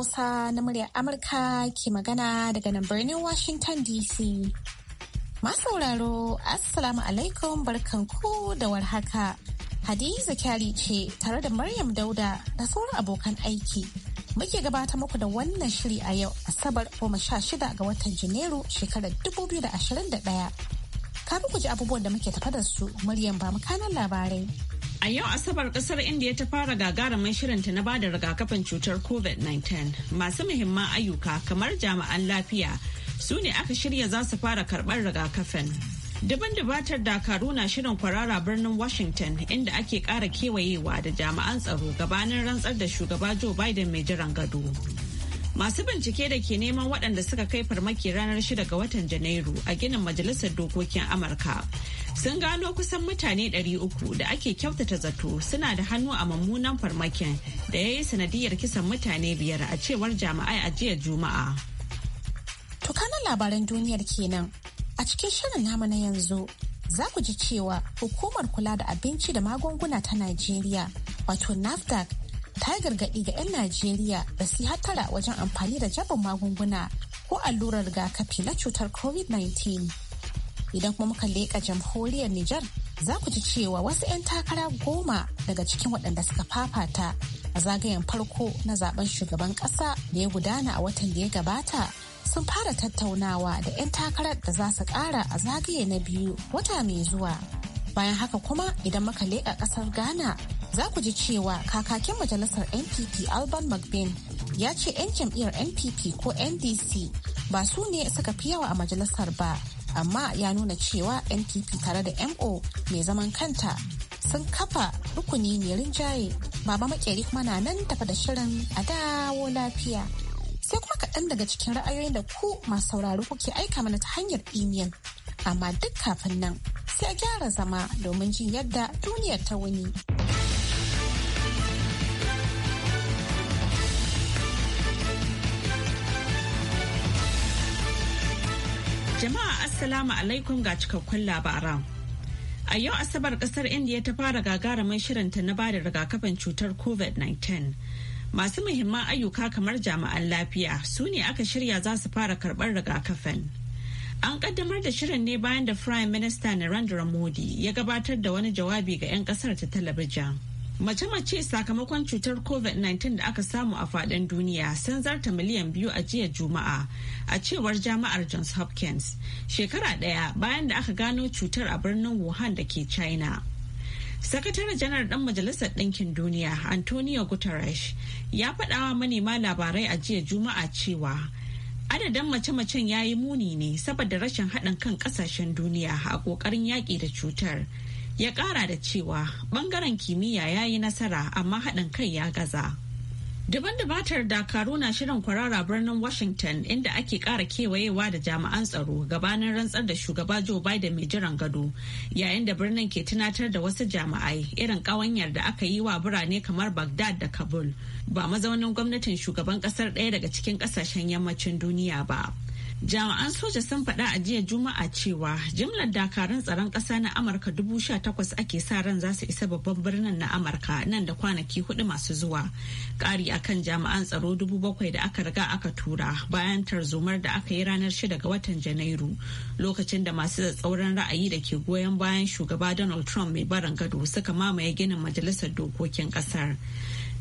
Hausa na muryar Amurka ke magana daga nan birnin Washington DC. Masauraro, Assalamu alaikum barkanku da warhaka. Hadiza Kyari ce tare da Maryam Dauda da sauran abokan aiki. Muke gabata muku da wannan shiri a yau Asabar goma sha shida ga watan Janairu shekarar dubu biyu da da ɗaya. Kafin ku ji abubuwan da muke tafa da su, Maryam ba mu kanan labarai. A yau Asabar kasar India ta fara gagarumin shirinta na bada rigakafin cutar COVID-19. Masu muhimman ayyuka kamar jami'an lafiya su ne aka shirya za su fara karɓar rigakafin. Daban dubatar dakaru na shirin kwarara birnin Washington inda ake ƙara kewayewa da jami'an tsaro gabanin rantsar da shugaba Joe Biden mai jiran gado. Masu bincike da ke neman waɗanda suka kai farmaki ranar 6 ga watan Janairu a ginin Majalisar Dokokin Amurka sun gano kusan mutane 300 da ake kyautata zato suna da hannu a mummunan farmakin da ya yi sanadiyar kisan mutane biyar a cewar jama'ai a jiya juma'a. Tukanan labaran duniyar kenan a cikin shirin namu na yanzu za ku ji cewa hukumar kula da abinci da magunguna ta Najeriya wato NAFDAC ta gargaɗi ga 'yan Najeriya da su hattara wajen amfani da jabin magunguna ko allurar rigakafi na cutar COVID-19. idan kuma muka leƙa jamhuriyar Nijar za ku ji cewa wasu 'yan takara goma daga cikin waɗanda suka fafata a zagayen farko na zaben shugaban ƙasa da ya gudana a watan da ya gabata sun fara tattaunawa da 'yan takarar da za su ƙara a zagaye na biyu wata mai zuwa. Bayan haka kuma idan muka leƙa ƙasar Ghana za ku ji cewa kakakin majalisar NPP Alban McBain ya ce 'yan jam'iyyar NPP ko NDC ba su ne suka fi yawa a majalisar ba amma ya nuna cewa npp tare da mo mai zaman kanta sun kafa rukuni mai rinjaye baba makeri kuma na nan tafa da shirin a dawo lafiya sai kuma kaɗan daga cikin ra'ayoyin da ku masu sauraro kuke aika mana ta hanyar imiyan amma duk kafin nan sai a gyara zama domin jin yadda duniyar ta wuni. Jama'a Assalamu alaikum ga cikakkun labaran. A yau Asabar kasar Indiya ta fara gagarumin shirinta na bada rigakafin cutar COVID-19. Masu muhimman ayyuka kamar jami'an lafiya su ne aka shirya za su fara karɓar rigakafin. An kaddamar da shirin ne bayan da Prime Minister Narendra Modi ya gabatar da wani jawabi ga 'yan kasar ta talabijin. Mace-mace sakamakon cutar COVID-19 da aka samu a faɗin duniya sun zarta miliyan biyu a jiya Juma'a a cewar jami'ar Johns Hopkins shekara ɗaya bayan da aka gano cutar a birnin Wuhan da ke China. Sakataren janar ɗan Majalisar Ɗinkin Duniya Antonio Guterres ya faɗawa manema labarai a jiya Juma'a cewa adadin mace-macen ya yi muni ne saboda rashin haɗin kan ƙasashen duniya a ƙoƙarin yaƙi da cutar. ya kara da cewa bangaren kimiyya ya yi nasara amma haɗin kai ya gaza daban batar dakaru na shirin kwarara birnin washington inda ake ƙara kewayewa da jami'an tsaro gabanin rantsar da shugaba joe biden mai jiran gado yayin da birnin ke tunatar da wasu jami'ai irin ƙawanyar da aka yi wa birane kamar baghdad da kabul ba mazaunin gwamnatin shugaban ƙasar ɗaya daga cikin ƙasashen yammacin duniya ba jami'an soja sun faɗa a jiya juma'a cewa jimlar dakarun tsaron ƙasa na amurka dubu sha takwas ake sa ran za su isa babban birnin na amurka nan da kwanaki hudu masu zuwa ƙari akan jami'an tsaro dubu bakwai da aka riga aka tura bayan tarzomar da aka yi ranar 6 ga watan janairu lokacin da masu tsauran ra'ayi da ke goyon bayan shugaba donald trump mai barin gado suka mamaye ginin majalisar dokokin ƙasar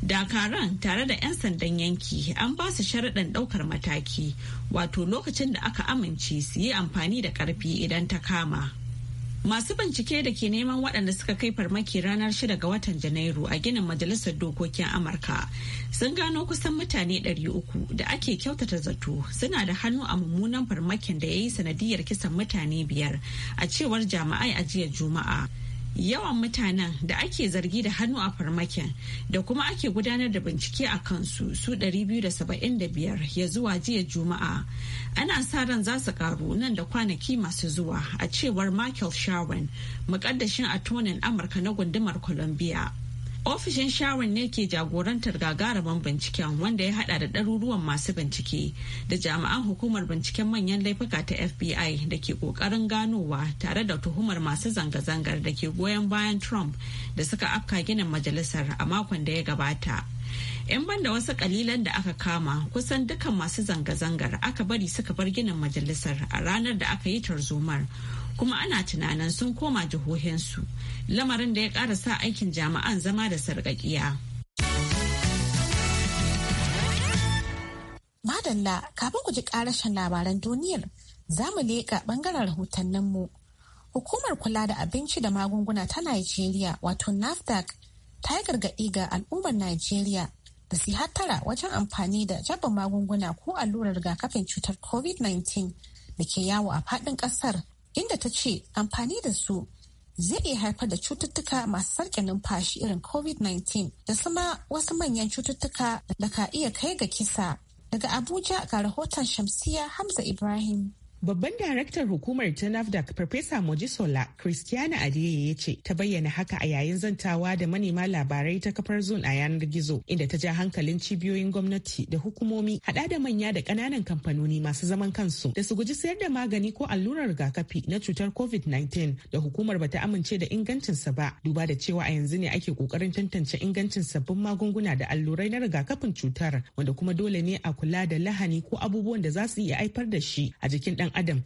dakaran tare da 'yan sandan yanki an ba su sharaɗin ɗaukar mataki wato lokacin da aka amince su yi amfani da ƙarfi idan ta kama masu bincike da ke neman waɗanda suka kai farmaki ranar 6 ga watan janairu a ginin majalisar dokokin amurka sun gano kusan mutane 300 da ake kyautata zato suna da hannu a mummunan farmakin da ya yi sanadiyar kisan mutane biyar a cewar jami'ai a jiya juma'a yawan mutanen da ake zargi da hannu a farmakin da kuma ake gudanar da bincike a kansu su 275 ya zuwa jiya juma'a ana sa ran za su karu nan da kwanaki masu zuwa a cewar michael sharon mukaddashin atonin amurka na gundumar columbia ofishin sharon ne ke jagorantar gagarumin binciken wanda ya hada da ɗaruruwan masu bincike da jami'an hukumar binciken manyan laifuka ta fbi da ke ƙoƙarin ganowa tare da tuhumar masu zanga-zangar da ke goyon bayan trump da suka afka ginin majalisar a makon da ya gabata 'yan banda wasu kalilan da aka kama kusan dukan masu zanga-zangar aka bari suka bar ginin majalisar a ranar da aka yi tarzomar kuma ana tunanin sun koma jihohinsu lamarin da ya ƙara sa aikin jami'an zama da sarƙaƙiya. Madalla kafin ku ji ƙarashin labaran duniyar za mu leƙa ɓangaren rahotanninmu. Hukumar kula da abinci da magunguna ta Najeriya wato NAFDAC ta yi gargaɗi ga al'ummar Najeriya da su hattara wajen amfani da jabin magunguna ko allurar rigakafin cutar COVID-19 da ke yawo a faɗin ƙasar inda ta ce amfani da su zai iya haifar da cututtuka masu sarƙe numfashi irin covid-19 da sama wasu manyan cututtuka da ka iya kai ga kisa daga abuja ga rahoton shamsiya hamza ibrahim Babban daraktar hukumar ta NAFDAC Farfesa Mojisola Christiana Adeye ya ce ta bayyana haka a yayin zantawa da manema labarai ta kafar Zone a yanar gizo inda ta ja hankalin cibiyoyin gwamnati da hukumomi hada da manya da kananan kamfanoni masu zaman kansu da su guji sayar da magani ko allurar rigakafi na cutar COVID-19 da hukumar bata amince da ingancinsa ba duba da cewa a yanzu ne ake kokarin tantance ingancin sabbin magunguna da allurai na rigakafin cutar wanda kuma dole ne a kula da lahani ko abubuwan da za su iya haifar da shi a jikin ɗan. adam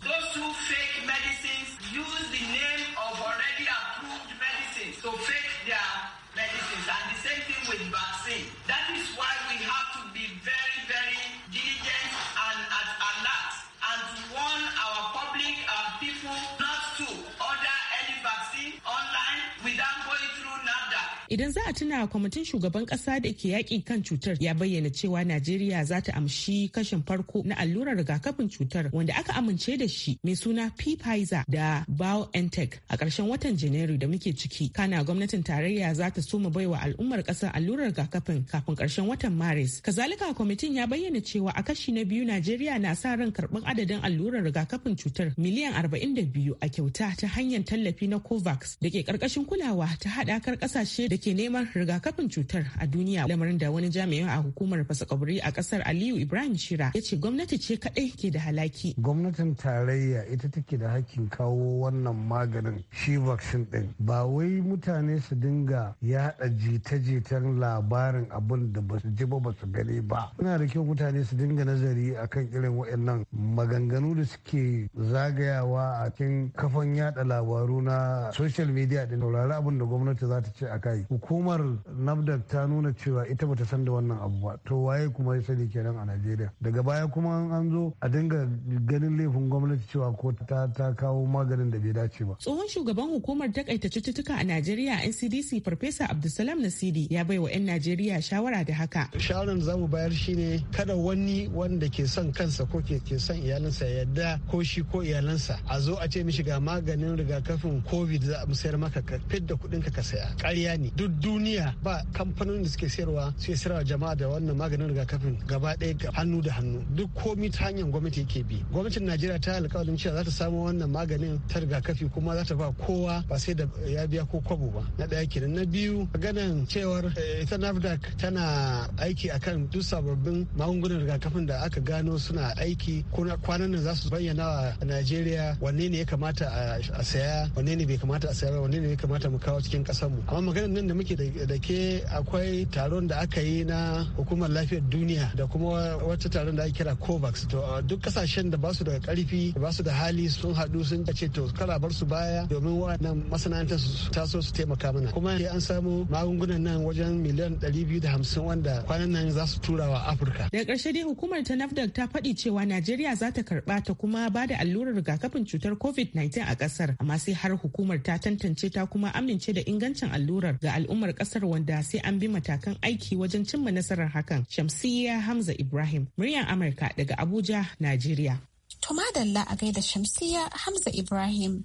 Idan za a tuna kwamitin shugaban kasa da ke yaƙi kan cutar ya bayyana cewa Najeriya za ta amshi kashin farko na allurar rigakafin cutar wanda aka amince da shi mai suna Pfizer da BioNTech a ƙarshen watan Janairu da muke ciki. Kana gwamnatin tarayya za ta soma baiwa al'ummar ƙasar allurar rigakafin kafin ƙarshen watan Maris. Kazalika kwamitin ya bayyana cewa a kashi na biyu Najeriya na sa ran karɓar adadin allurar rigakafin cutar miliyan arba'in da biyu a kyauta ta hanyar tallafi na COVAX da ke ƙarƙashin kulawa ta haɗakar ƙasashe da ke neman rigakafin cutar a duniya lamarin da wani jami'in a hukumar fasakaburi a kasar aliyu ibrahim shira ya ce gwamnati ce kadai ke da halaki gwamnatin tarayya ita take da hakkin kawo wannan maganin shi vaccine din ba wai mutane su dinga yada jita-jitan labarin abin da ba su ji ba ba su gani ba ina da kyau mutane su dinga nazari akan irin waɗannan maganganu da suke zagayawa a cikin kafan yada labaru na social media din saurari abin da gwamnati za ta ce a kai hukumar nafdak ta nuna cewa ita bata san da wannan abu ba to waye kuma ya sani kenan a najeriya daga baya kuma an zo a dinga ganin laifin gwamnati cewa ko ta ta kawo maganin da bai dace ba tsohon shugaban hukumar takaita cututtuka a najeriya ncdc farfesa abdulsalam nasidi ya bai wa 'yan najeriya shawara da haka shawaran za mu bayar shine kada wani wanda ke son kansa ko ke ke son iyalinsa ya yarda ko shi ko iyalansa a zo a ce mishi ga maganin rigakafin covid za a musayar maka ka fidda kuɗin ka saya karya ne duk duniya ba kamfanonin da suke sayarwa suke sayarwa jama'a da wannan maganin rigakafin gaba ɗaya hannu da hannu duk komi ta hanyar gwamnati yake bi gwamnatin najeriya ta alƙawarin cewa za ta samu wannan maganin ta rigakafi kuma za ta ba kowa ba sai da ya biya ko kwabo ba na ɗaya kenan na biyu maganan cewar eh, ita nafdac tana aiki akan duk sababbin magungunan rigakafin da aka gano suna aiki kwanan nan za su bayyana a najeriya wanne ne ya kamata a saya wanne ne bai kamata a saya wanne ne ya kamata mu kawo cikin mu amma maganar nan da muke da ke akwai taron da aka yi na hukumar lafiyar duniya da kuma wata taron da ake kira covax to duk kasashen da basu da karfi basu da hali sun haɗu sun kace to kala bar su baya domin wannan masana'antar su taso su taimaka mana kuma an samu magungunan nan wajen miliyan 250 wanda kwanan nan za su tura wa afirka da karshe dai hukumar ta nafdac ta faɗi cewa najeriya za ta karɓa ta kuma ba da allurar rigakafin cutar covid-19 a ƙasar amma sai har hukumar ta tantance ta kuma amince da ingancin allurar ga al'ummar kasar wanda sai an bi matakan aiki wajen cimma nasarar hakan shamsiyya hamza ibrahim muryar amurka daga abuja najeriya to madalla a gaida shamsiyya hamza ibrahim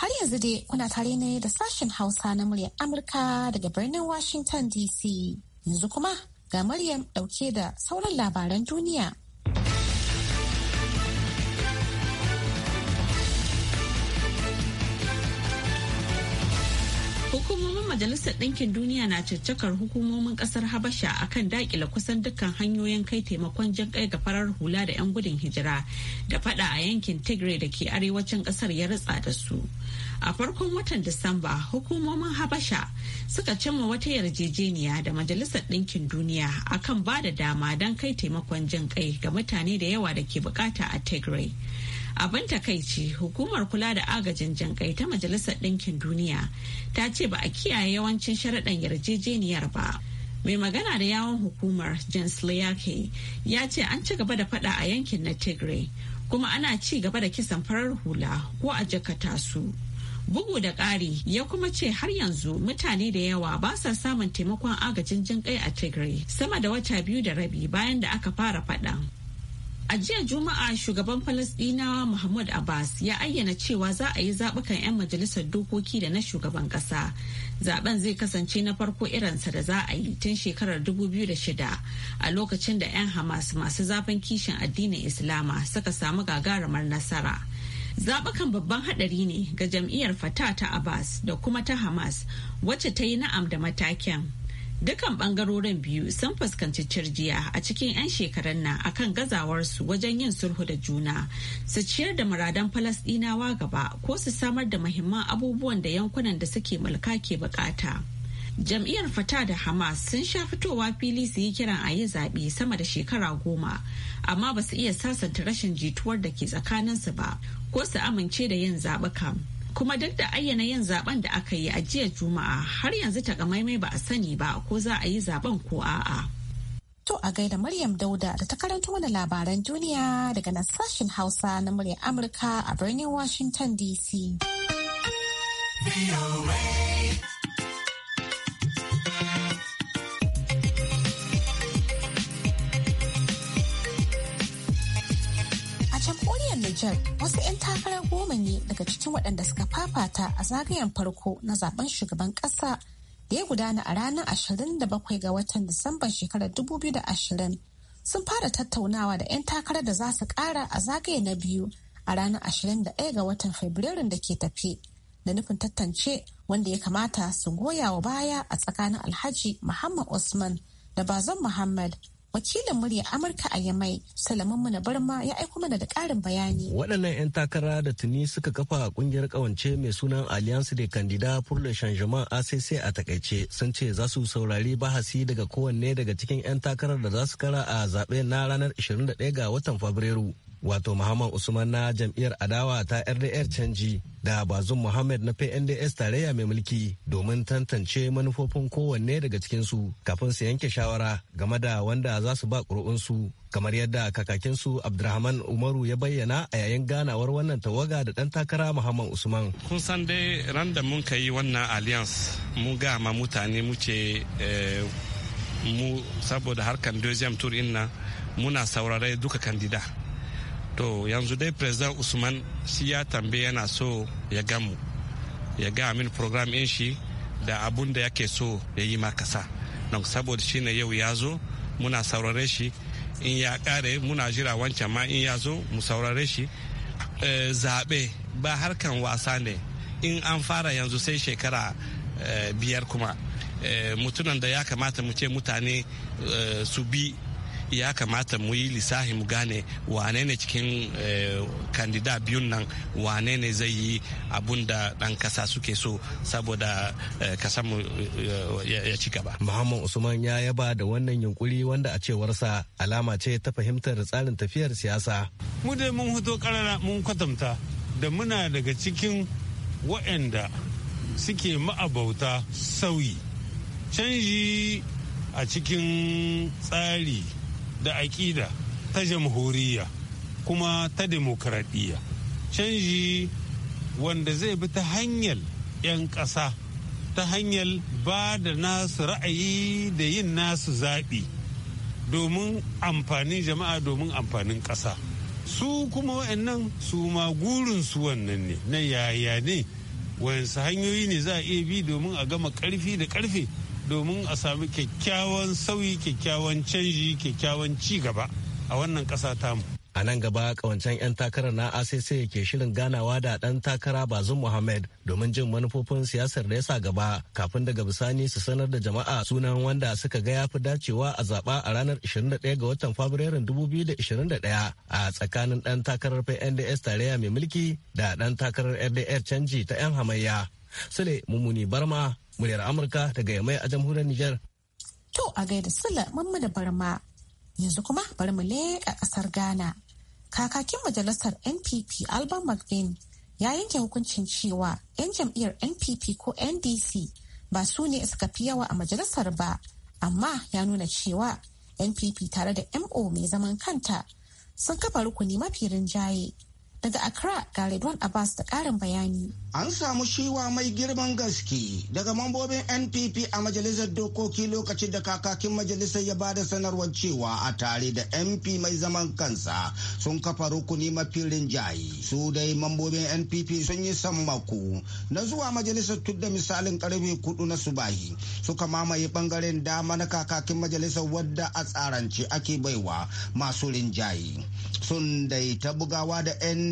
har yanzu dai kuna tare ne da sashen hausa na muryar amurka daga birnin washington dc yanzu kuma ga Maryam dauke da sauran labaran duniya. Majalisar Ɗinkin Duniya na caccakar hukumomin ƙasar Habasha akan daƙila kusan dukkan hanyoyin kai taimakon jan kai ga farar hula da 'yan gudun hijira da fada a yankin Tigray da ke arewacin ƙasar ya ritsa da su. A farkon watan Disamba, hukumomin Habasha suka cimma wata yarjejeniya da Majalisar Ɗinkin Duniya akan ba da dama don kai taimakon jan kai ga mutane da yawa da ke bukata a Tigray. abin takaici hukumar kula da agajin jankai ta majalisar ɗinkin duniya ta ce ba a kiyaye yawancin sharaɗan yarjejeniyar ba mai magana da yawon hukumar james liyake ya ce an ci gaba da faɗa a yankin na tigray kuma ana ci gaba da kisan farar hula ko a jakata su bugu da ƙari ya kuma ce har yanzu mutane da yawa ba sa samun taimakon agajin jinƙai a tigray sama da wata biyu da rabi bayan da aka fara faɗan A jiya Juma'a shugaban Falasɗinawa Mahmud Abbas ya ayyana cewa za a yi zaɓukan 'yan majalisar dokoki da na shugaban ƙasa. Zaben zai kasance na farko irinsa da za a yi tun shekarar 2006 a lokacin da 'yan Hamas masu zafin kishin addinin Islama suka samu gagarumar nasara. Zaɓukan babban haɗari ne ga jam'iyyar Fata ta Abbas da kuma ta Hamas wacce ta yi na'am da matakin. Dukan bangarorin biyu sun fuskanci cirjiya a cikin 'yan shekarun nan akan gazawar su wajen yin sulhu da juna, su ciyar da muradan Falasɗinawa gaba ko su samar da muhimman abubuwan da yankunan da suke mulka ke bukata. Jam'iyyar Fata da Hamas sun sha fitowa fili su yi kiran a yi zaɓe sama da shekara goma, amma ba su iya sasanta rashin jituwar da ke tsakaninsu ba, ko su amince da yin zaɓuka. kuma duk da ayyana yin zaben da aka yi a jiya juma'a har yanzu takamaimai ba a sani ba ko za a yi zaben ko a'a. To a gaida Maryam Dauda da ta karanto mana labaran duniya daga nan sashen Hausa na muryar Amurka a birnin Washington DC. Nijar wasu 'yan takara goma ne daga cikin waɗanda suka fafata a zagayen farko na zaben shugaban ƙasa da ya gudana a ranar 27 ga watan disamba shekarar 2020 sun fara tattaunawa da 'yan takarar da za su ƙara a zagaye na biyu a ranar 21 ga watan Fabrairun da ke tafe da nufin tantance wanda ya kamata su goya wa baya a tsakanin Alhaji Muhammad Usman da Bazan Muhammad wakilin murya amurka a yamai salamun na barma ya aiko mana da karin bayani waɗannan 'yan takara da tuni suka kafa kungiyar kawance mai sunan alliance de candida pour le changement acc a takaice sun ce za su saurari bahasi daga kowanne daga cikin 'yan takarar da za su kara a zaɓe na ranar 21 ga watan fabrairu wato Muhammad Usman na jam'iyyar adawa ta RDR canji da Bazum Muhammad na PNDS tarayya mai mulki domin tantance manufofin kowanne daga cikinsu kafin su yanke shawara game da wanda za su ba su kamar yadda kakakinsu Abdulrahman Umaru ya bayyana a yayin ganawar wannan tawaga da dan takara Muhammad Usman. Kun san dai ran da mun yi wannan alliance mu ga ma mutane mu ce eh, mu saboda harkan deuxième tour inna muna saurare duka kandida. to yanzu dai president usman shi ya tambaye yana so ya gamu ya ga min program in shi da abun da yake so ya yi makasa don saboda shi ne yau ya zo muna saurare shi in ya kare muna jira wancan ma in ya zo mu saurare shi eh, zaɓe ba harkan wasa ne in an fara yanzu sai shekara eh, biyar kuma eh, mutunan da ya kamata mu ce mutane su bi ya kamata mu yi lissafi mu gane wane ne cikin kandida eh, biyun nan wane ne zai yi abun da ɗan kasa suke so saboda eh, mu eh, ya ci gaba. Muhammad Usman ya yaba da wannan yunkuri wanda a cewarsa alama ce ta fahimtar tsarin tafiyar siyasa. Mu dai mun hito karara mun kwatanta da muna daga cikin wa'anda suke ma'abauta sauyi canji a cikin tsari da aƙida ta jamhuriya kuma ta demokradiyya canji wanda zai bi ta hanyar 'yan ƙasa ta hanyar ba da nasu ra'ayi da yin nasu zaɓi domin amfanin jama'a domin amfanin ƙasa su kuma wa'annan su ma gurinsu wannan ne na yaya ne wayansu hanyoyi ne za a iya bi domin a gama ƙarfi da ƙarfe domin a sami kyakkyawan sauyi kyakkyawan canji kyakkyawan ci gaba a wannan ƙasa tamu a nan gaba kawancen 'yan takarar na acc ke shirin ganawa da dan takara bazin muhammad domin jin manufofin siyasar da ya sa gaba kafin daga bisani su sanar da jama'a sunan wanda suka ga ya fi dacewa a zaba a ranar 21 ga watan fabrairun 2021 a tsakanin dan takarar pnds tarayya mai mulki da dan takarar rdr canji ta 'yan hamayya Sule Mummuni Barma, muryar Amurka daga Yamai a jamhuriyar Nijar. To a gaida Sule Mummuni Barma, yanzu kuma bari mu leƙa ƙasar Ghana. Kakakin majalisar NPP Alban McVeigh ya yanke hukuncin cewa 'yan jam'iyyar NPP ko NDC ba su ne suka fi yawa a majalisar ba, amma ya nuna cewa NPP tare da MO mai zaman kanta sun kafa rukuni mafi rinjaye Daga Accra ga Redwan Abbas da karin bayani. An samu shiwa mai girman gaske daga mambobin NPP a majalisar dokoki lokacin da kakakin majalisar ya bada sanarwar cewa a tare da MP mai zaman kansa sun kafa rukuni mafi rinjaye. Su dai mambobin NPP sun yi sammako na zuwa majalisar tun da misalin karfe kudu na subahi suka mamaye bangaren dama na kakakin majalisar wadda a tsarance ake baiwa masu rinjaye. Sun dai ta bugawa da 'yan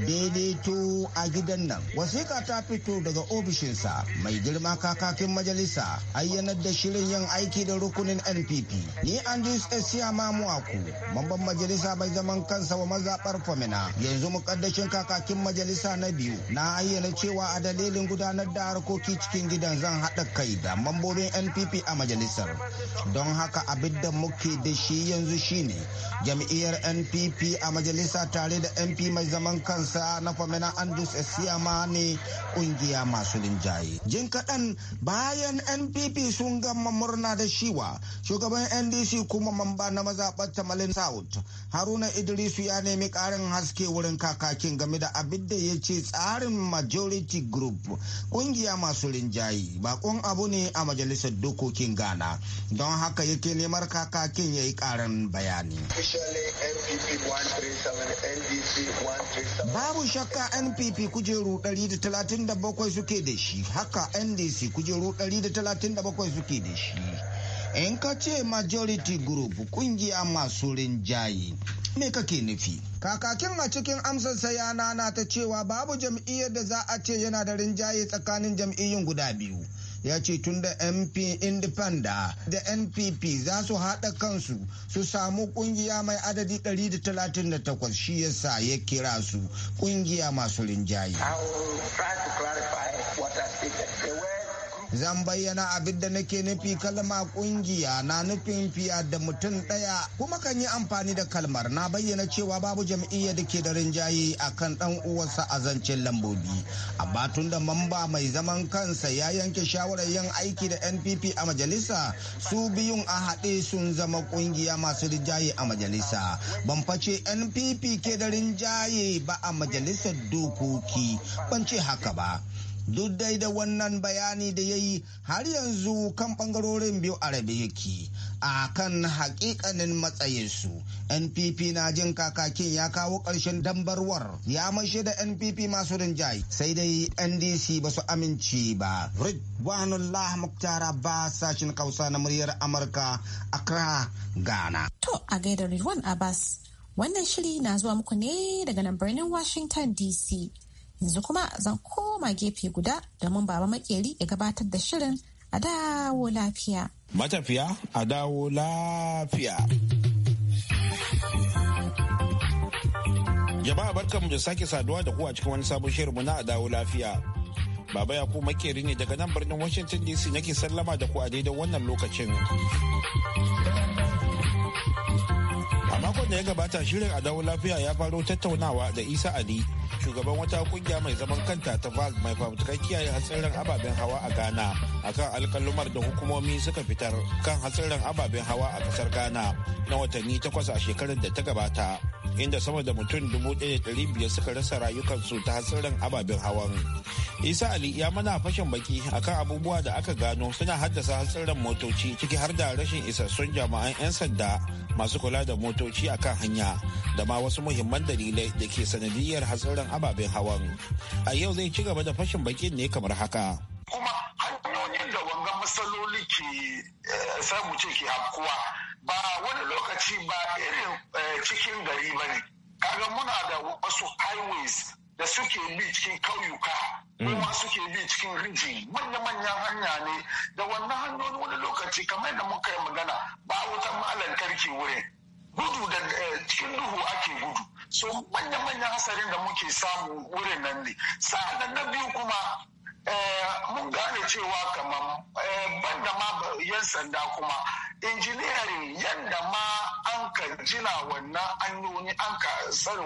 daidaito a gidan nan wasiƙa ta fito daga ofishinsa mai girma kakakin majalisa ayyanar da shirin yin aiki da rukunin npp ni andrews esiya mamuaku mamban majalisa mai zaman kansa wa mazaɓar famina yanzu mukaddashin kakakin majalisa na biyu na ayyana cewa a dalilin gudanar da harkoki cikin gidan zan haɗa kai da mambobin npp a majalisar don haka abin da muke da shi yanzu shine jam'iyyar npp a majalisa tare da mp mai zaman kansa kansa na famina andus esiyama ne kungiya masu linjaye jin kaɗan bayan npp sun gama murna da shiwa shugaban ndc kuma mamba na mazaɓar tamalin south haruna idrisu ya nemi ƙarin haske wurin kakakin game da abin da ya ce tsarin majority group kungiya masu linjaye bakon abu ne a majalisar dokokin ghana don haka yake neman kakakin ya yi ƙarin bayani babu shakka npp kujeru 137 suke da shi haka ndc kujeru 137 suke da shi in ka ce majority group kungiya masu rinjaye me kake nufi kakakin a cikin amsar ya nana ta cewa babu jam'iyyar da za a ce yana da rinjaye tsakanin jam'iyyun guda biyu ya ce tun da mp indipanda da npp za su haɗa kansu su samu ƙungiya mai adadi 138 shi yasa ya kira su ƙungiya masu rinjaye. zan bayyana abin da nake nufi kalma kungiya na nufin fiya da mutum ɗaya kuma kan yi amfani da kalmar na bayyana cewa babu jam'iyya da ke da rinjaye a kan ɗan uwarsa a zancen lambobi amma tun da mamba mai zaman kansa ya yanke shawarar yin aiki da npp a majalisa su biyun a haɗe sun zama kungiya masu rinjaye a majalisa ban face npp ke da rinjaye ba a majalisar dokoki ban ce haka ba duk dai da wannan bayani da ya yi har yanzu kan bangarorin biyu a rabe yake a kan hakikanin matsayinsu npp na jin kakakin ya kawo ƙarshen dambarwar ya mashi da npp masu rinjaye sai dai ndc ba su amince ba ridwanullah muktara ba sashin kausa na muryar amurka accra ghana to a gaida ridwan abbas wannan shiri na zuwa muku ne daga nan birnin washington dc Yanzu kuma zan koma gefe guda domin baba makeri ya gabatar da shirin a dawo lafiya. Matafiya a dawo lafiya. Jama'a barkanmu da sake saduwa da kuwa cikin wani sabon shirinmu na a dawo lafiya. Baba ya ku makeri ne daga nan birnin Washington DC nake sallama da ku a daidai wannan lokacin. makon da ya gabata shirin a lafiya ya faro tattaunawa da isa ali shugaban wata kungiya mai zaman kanta ta val mai fafutukar kiyaye hatsarin ababen hawa a ghana akan alkalumar da hukumomi suka fitar kan hatsarin ababen hawa a kasar ghana na watanni takwas a shekarar da ta gabata inda sama da mutum dubu biyar suka rasa rayukansu ta hatsarin ababen hawan isa ali ya mana fashin baki akan abubuwa da aka gano suna haddasa hatsarin motoci ciki har da rashin isassun jama'an 'yan sanda masu kula da motoci a kan hanya da ma wasu muhimman dalilai da ke sanadiyar hatsarin ababen hawan a yau zai ci gaba da fashin bakin ne kamar haka kuma hanyoyin da wangan matsaloli ke eh, samu ce ke hafkuwa ba wani lokaci ba irin eh, cikin gari ba ne kaga muna da wasu highways da suke bi cikin kauyuka mm. kuma suke bi cikin riji manya-manyan hanya ne da wannan hanyoyi wani lokaci kamar da muka yi magana ba wutan lantarki wurin gudu da eh, cikin duhu ake gudu so manya-manyan hasarin da muke samu wurin nan ne sa'an na biyu kuma Eh, mun gane cewa kamar eh, ban da ma yan sanda kuma injiniyarin yadda ma an ka jina wannan anyoni an ka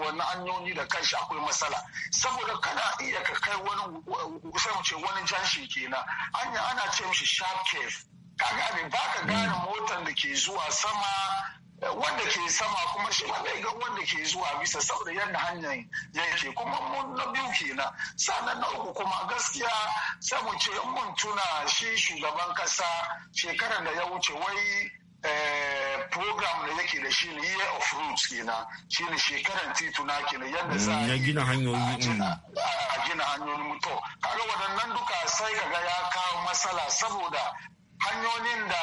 wannan anyoni da kanshi akwai matsala saboda kana iya ka kai wani ce wani janshi kenan anya ana ce mishi sharp cave ka gane ba ka gane mm. motar da ke zuwa sama wanda ke sama kuma shi ba zai ga wanda ke zuwa bisa saboda yadda hanyar yake kuma mun na biyu kenan sannan na uku kuma gaskiya sai mu ce mun tuna shi shugaban kasa shekarar da ya wuce wai eh, program da yake da shi ne year of roots kenan shi ne shekaran tituna kenan yadda za a mm, gina hanyoyi a gina mm. hanyoyin mutu kaga waɗannan duka sai ga ya kawo matsala saboda hanyoyin da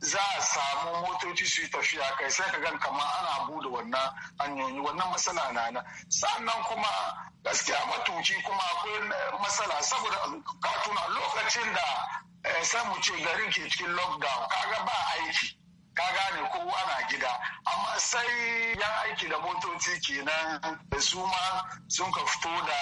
za a samu motoci su yi tafiya kai sai ka gan kamar ana bude wannan hanyoyi wannan matsala na na sannan kuma gaskiya matuki kuma akwai matsala saboda katuna lokacin da eh, sai mu ce garin ke cikin lockdown kaga ba aiki ka gane ko ana gida amma sai yan aiki da motoci kenan su ma sun ka fito da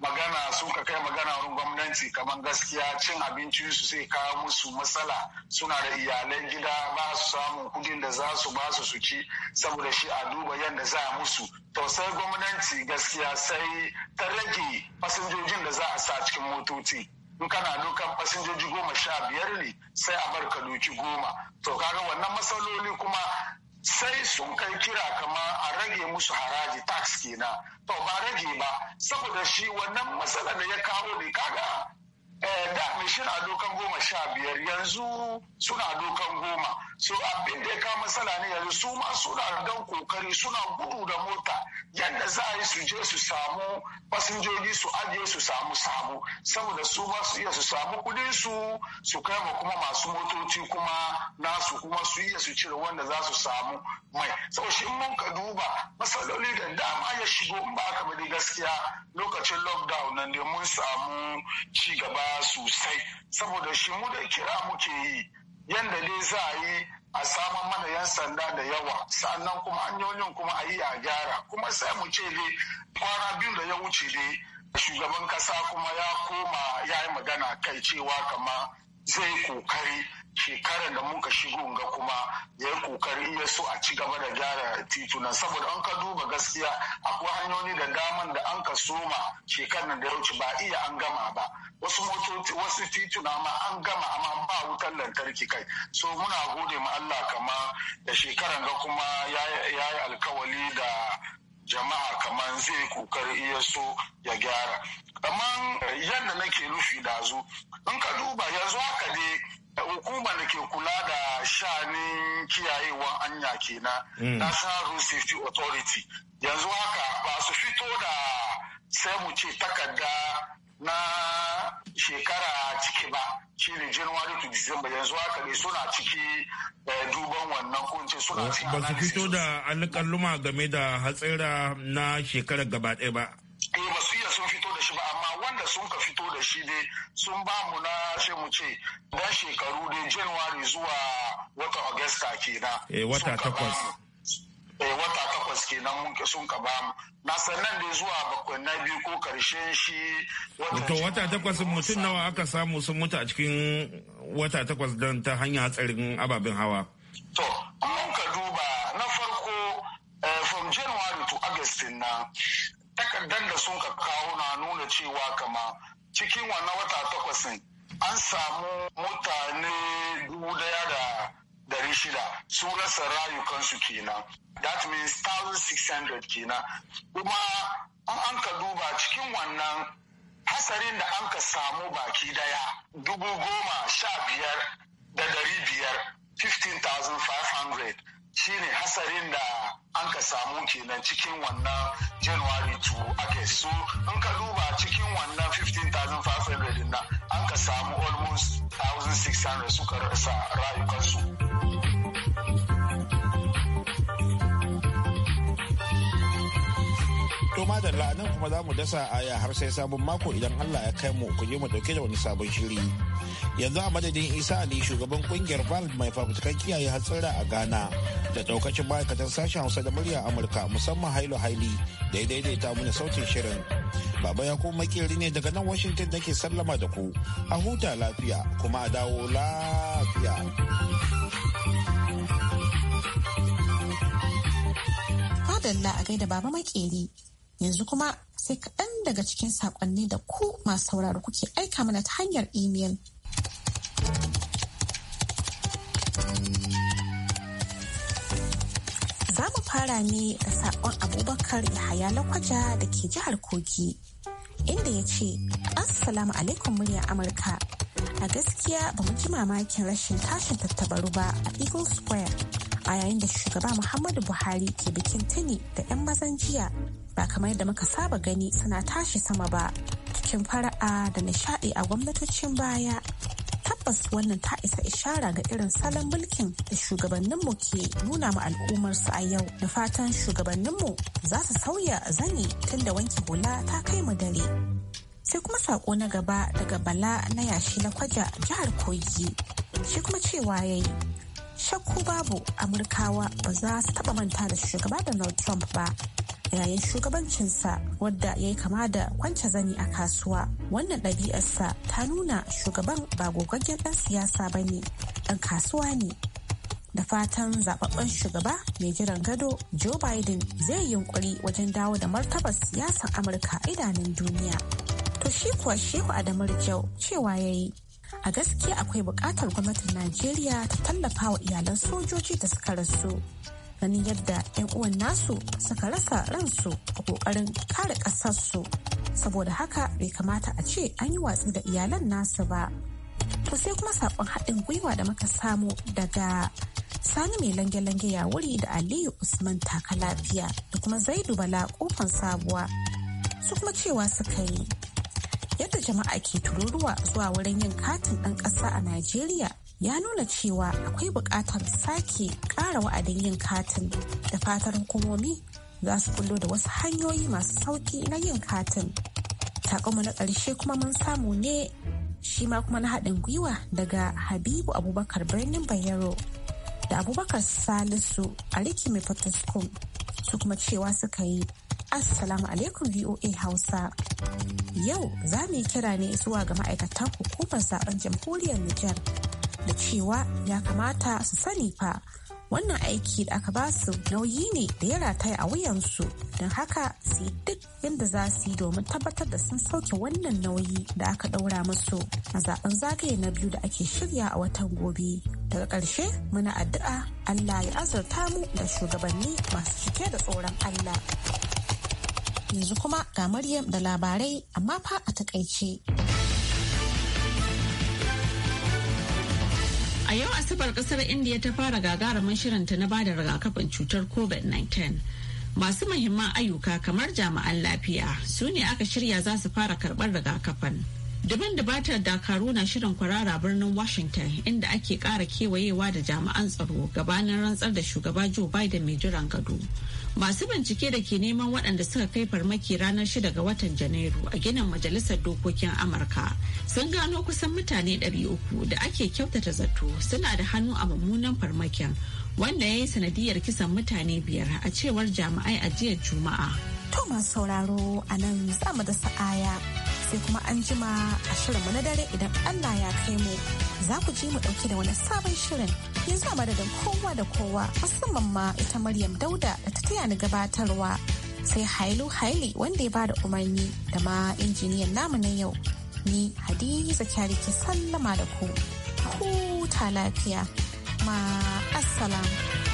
magana suka kai magana wurin gwamnati kamar gaskiya cin abinci su sai kawo musu matsala suna da iyalan gida ba su samun kudin da za su ba su su ci saboda shi a duba yadda za a musu to sai gwamnati gaskiya sai ta rage fasinjojin da za a sa cikin motoci in kana dukan fasinjoji goma sha biyar ne sai a bar ka doki goma to kaga wannan matsaloli kuma sai sun kai kira kama a rage musu haraji tax kenan to ba rage ba saboda shi wannan matsala da ya kawo ne kaga eh, da mai na dokan goma sha biyar yanzu suna dokan goma so abin da ya kawo matsala ne yanzu su ma suna dan kokari suna gudu da mota yadda za a yi su je su samu fasinjoji su ajiye su samu samu saboda su ma su iya su samu kudin su su kai ma kuma masu motoci kuma nasu kuma su iya su cire wanda za su samu mai saboda shi mun ka duba matsaloli da dama ya shigo in ba aka bari gaskiya lokacin lockdown nan ne mun samu ci gaba sosai saboda shi mu da kira muke yi yadda dai za a yi a saman mana yan sanda da yawa sannan kuma hanyoyin kuma a yi a gyara kuma sai mu ce dai kwana biyu da ya wuce dai shugaban kasa kuma ya koma ya yi magana kai cewa kama zai kokari shekarar da muka shigo ga kuma ya yi kokari ya so a ci gaba da gyara titunan saboda an ka duba gaskiya akwai hanyoyi da daman da an ka soma shekarar da ya wuce ba iya an gama ba wasu motoci wasu tituna ma an gama amma ba wutar lantarki kai so muna gode ma Allah kama da shekarar ga kuma ya yi alkawali da jama'a kamar zai kokari iya so ya gyara kamar yadda nake nufi da zu in ka duba yanzu haka dai hukumar da ke kula da shanin kiyayewan anya na mm. national road safety authority yanzu haka ba su fito da sai mu ce takarda na shekara ciki ba shi ne january to december yanzu haka ne suna ciki eh, duban wannan kunce suna ciki ba su fito da alƙalluma game da hatsira na shekarar gaba ɗaya ba sun ka fito da shi dai sun ba mu na sai mu ce dan shekaru dai january zuwa watan augusta kenan eh wata takwas eh wata takwas kenan mun sun ka ba mu na sannan dai zuwa bakwai na biyu ko karshen shi wata wata takwas mutum nawa aka samu sun mutu a cikin wata takwas dan ta hanyar hatsarin ababen hawa to mun ka duba na farko eh, from january to august na takardar da sun kawo na nuna cewa kama cikin wannan wata takwasin an samu mutane dubu daya da dari shida su rasa rayukansu kenan that means 1600 kenan kuma an ka duba cikin wannan hasarin da an ka samu baki daya dubu goma sha biyar da dari biyar 15,500 shine hasarin da an ka samu kenan cikin wannan january 2 august so in ka duba cikin wannan 15,500 na an ka samu almost 1,600 suka rasa rayukansu kuma za mu dasa aya har sai sabon mako idan Allah ya kai mu ku je mu dauke da wani sabon shiri. Yanzu a madadin Isa Ali shugaban kungiyar Valve mai fafutukan kiyaye hatsara a Ghana da daukacin ma'aikatan sashen Hausa da murya Amurka musamman Hailo Haili da ya daidaita sautin shirin. Baba ya kuma makeri ne daga nan Washington da ke sallama da ku. A huta lafiya kuma a dawo lafiya. Madalla a gaida baba makeri yanzu kuma sai kaɗan daga cikin saƙonni da ku masu sauraro kuke aika mana ta hanyar imel. Za mu fara ne da saƙon abubakar yahaya lakwaja da ke jihar Kogi, inda ya ce, Assalamu alaikum muryar Amurka. A gaskiya ba mu ji mamakin rashin tashin tattabaru ba a Eagle Square a yayin da shugaba Muhammadu Buhari ke bikin tuni da 'yan mazan jiya ba kamar yadda muka saba gani suna tashi sama ba cikin fara'a da nishaɗi a gwamnatocin baya tabbas wannan ta isa ishara ga irin salon mulkin da shugabanninmu ke nuna ma su a yau da fatan shugabanninmu za su sauya zani tun da wanke hula ta kai mu dare sai kuma sako na gaba daga bala na yashi na kwaja jihar kogi shi kuma cewa ya yi shakku babu amurkawa ba za su taba manta da shugaba donald trump ba yayin shugabancinsa wadda ya yi kama da kwance zani a kasuwa wannan ɗabi'arsa ta nuna shugaban ba gogaggen ɗan siyasa ba ne ɗan kasuwa ne da fatan zababben shugaba mai jiran gado joe biden zai yunkuri wajen dawo da martabar siyasar amurka idanun duniya to shi kuwa shehu adamu jau cewa ya yi a gaskiya akwai buƙatar gwamnatin najeriya ta tallafa wa iyalan sojoji da suka rasu ganin yadda 'yan uwan nasu suka rasa ransu a kokarin kare ƙasarsu saboda haka bai kamata a ce an yi watsi da iyalan nasu ba to sai kuma sakon haɗin gwiwa da muka samu daga sani mai lange-lange ya wuri da aliyu usman taka lafiya da kuma zaidu bala kofan sabuwa su kuma cewa suka yi yadda jama'a ke tururuwa zuwa wurin yin katin ɗan ƙasa a najeriya ya nuna cewa akwai buƙatar sake ƙara wa'adin yin katin da fatar hukumomi za su kullo da wasu hanyoyi masu sauƙi na yin katin. Sakonmu na ƙarshe kuma mun samu ne shi ma kuma na haɗin gwiwa daga Habibu Abubakar birnin Bayero da Abubakar Salisu a Riki mai su kuma cewa suka yi Assalamu alaikum VOA Hausa. Yau za mu yi kira ne zuwa ga ma'aikatan hukumar zaben jamhuriyar Nijar da cewa ya kamata su sani fa wannan aiki da aka ba su nauyi ne da ya rataya a wuyansu don haka su yi duk yadda za su yi domin tabbatar da sun sauke wannan nauyi da aka ɗaura musu a zaben zagaye na biyu da ake shirya a watan gobe daga ƙarshe muna addu'a allah ya azurta mu da shugabanni masu cike da tsoron allah yanzu kuma ga maryam da labarai amma fa a takaice. A yau Asabar kasar India ta fara gagarumin shirinta na bada rigakafin cutar COVID-19. Masu muhimman ayyuka kamar jami'an lafiya su ne aka shirya za su fara karɓar rigakafin. Dubin da bata dakaru na shirin kwarara birnin Washington inda ake ƙara kewayewa da jami'an tsaro gabanin rantsar da shugaba Joe Biden mai jiran gado. masu bincike da ke neman waɗanda suka kai farmaki ranar 6 ga watan janairu a ginin majalisar dokokin amurka sun gano kusan mutane 300 da ake kyautata zato suna da hannu a mummunan farmakin wanda ya yi sanadiyar kisan mutane biyar a cewar jami'ai a jiya juma'a To masu sauraro a nan za mu da sa'aya sai kuma an jima a shirinmu na dare idan Allah ya kai mu za ku ji mu ɗauki da wani sabon shirin yanzu a madadin kowa da kowa musamman ma ita Maryam Dauda da ta taya ni gabatarwa sai Hailu Haili wanda ya bada umarni da ma injiniyan namu na yau ni Hadiza Kyari ke sallama da ku huta lafiya ma assalamu